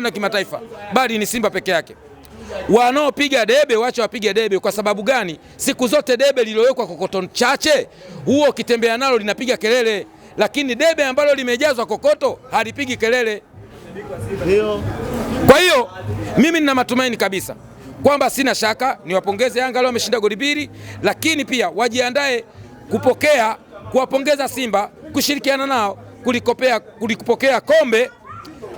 na kimataifa, bali ni Simba peke yake. Wanaopiga debe wacha wapige debe. Kwa sababu gani? Siku zote debe lililowekwa kokoto chache, huo ukitembea nalo linapiga kelele, lakini debe ambalo limejazwa kokoto halipigi kelele. Kwa hiyo mimi nina matumaini kabisa kwamba, sina shaka, niwapongeze Yanga leo wameshinda goli mbili, lakini pia wajiandae kupokea kuwapongeza Simba, kushirikiana nao kulikopea kulikupokea kombe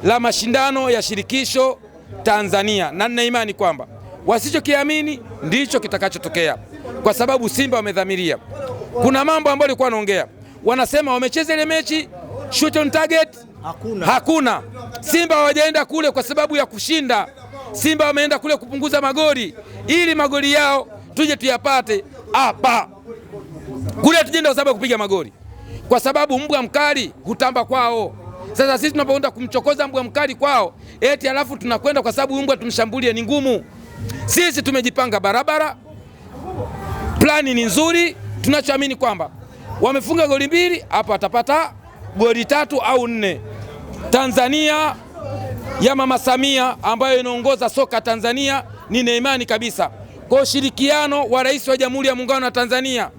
la mashindano ya shirikisho Tanzania, na nina imani kwamba wasichokiamini ndicho kitakachotokea, kwa sababu Simba wamedhamiria. Kuna mambo ambayo alikuwa wanaongea, wanasema wamecheza ile mechi shoot on target hakuna, hakuna. Simba hawajaenda kule kwa sababu ya kushinda. Simba wameenda kule kupunguza magoli ili magoli yao tuje tuyapate hapa. Kule tujienda kwa sababu ya kupiga magoli, kwa sababu mbwa mkali hutamba kwao. Sasa sisi tunapoenda kumchokoza mbwa mkali kwao eti alafu tunakwenda kwa sababu mbwa tumshambulie, ni ngumu. Sisi tumejipanga barabara, plani ni nzuri. Tunachoamini kwamba wamefunga goli mbili hapa, watapata goli tatu au nne. Tanzania ya Mama Samia ambayo inaongoza soka Tanzania, nina imani kabisa kwa ushirikiano wa Rais wa Jamhuri ya Muungano wa Tanzania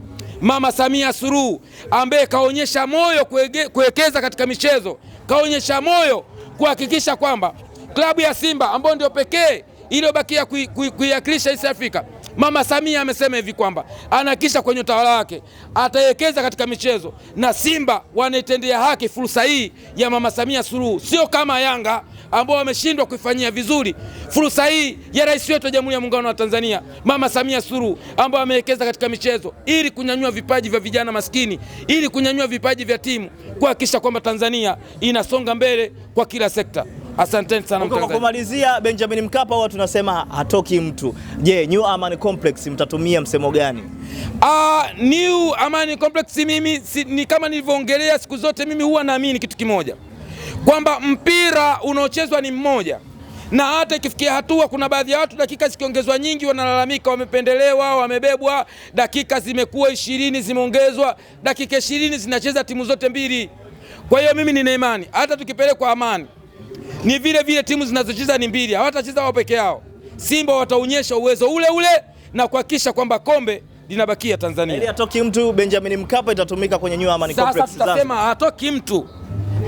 Mama Samia Suluhu ambaye kaonyesha moyo kuwekeza katika michezo, kaonyesha moyo kuhakikisha kwamba klabu ya Simba ambayo ndio pekee iliyobakia kuiwakilisha East Africa Mama Samia amesema hivi kwamba anahakikisha kwenye utawala wake atawekeza katika michezo, na Simba wanaitendea haki fursa hii ya Mama Samia Suluhu, sio kama Yanga ambao wameshindwa kuifanyia vizuri fursa hii ya rais wetu wa Jamhuri ya Muungano wa Tanzania Mama Samia Suluhu, ambayo amewekeza katika michezo ili kunyanyua vipaji vya vijana maskini, ili kunyanyua vipaji vya timu, kuhakikisha kwamba Tanzania inasonga mbele kwa kila sekta. Asanteni sana Kwa kumalizia, Benjamin Mkapa huwa tunasema hatoki mtu. Je, New Amani Complex mtatumia msemo gani? Ah, New Amani Complex mimi si, ni kama nilivyoongelea siku zote, mimi huwa naamini kitu kimoja kwamba mpira unaochezwa ni mmoja, na hata ikifikia hatua kuna baadhi ya watu dakika zikiongezwa nyingi wanalalamika, wamependelewa, wamebebwa. Dakika zimekuwa ishirini, zimeongezwa dakika ishirini, zinacheza timu zote mbili. Kwa hiyo mimi nina imani hata tukipelekwa Amani ni vile vile timu zinazocheza ni mbili, hawatacheza wao peke yao. Simba wataonyesha uwezo ule ule na kuhakikisha kwamba kombe linabakia Tanzania. Ili atoki mtu Benjamin Mkapa itatumika kwenye New Amani Complex Zanzibar. Sasa tutasema hatoki mtu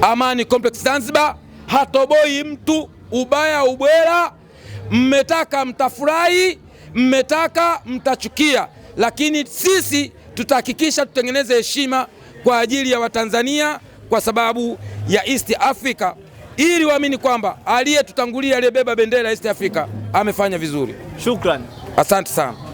Amani Complex Zanzibar, hatoboi mtu ubaya ubwela. Mmetaka mtafurahi, mmetaka mtachukia, lakini sisi tutahakikisha tutengeneze heshima kwa ajili ya Watanzania kwa sababu ya East Africa ili waamini kwamba aliyetutangulia aliyebeba bendera ya East Africa amefanya vizuri. shukran asante sana.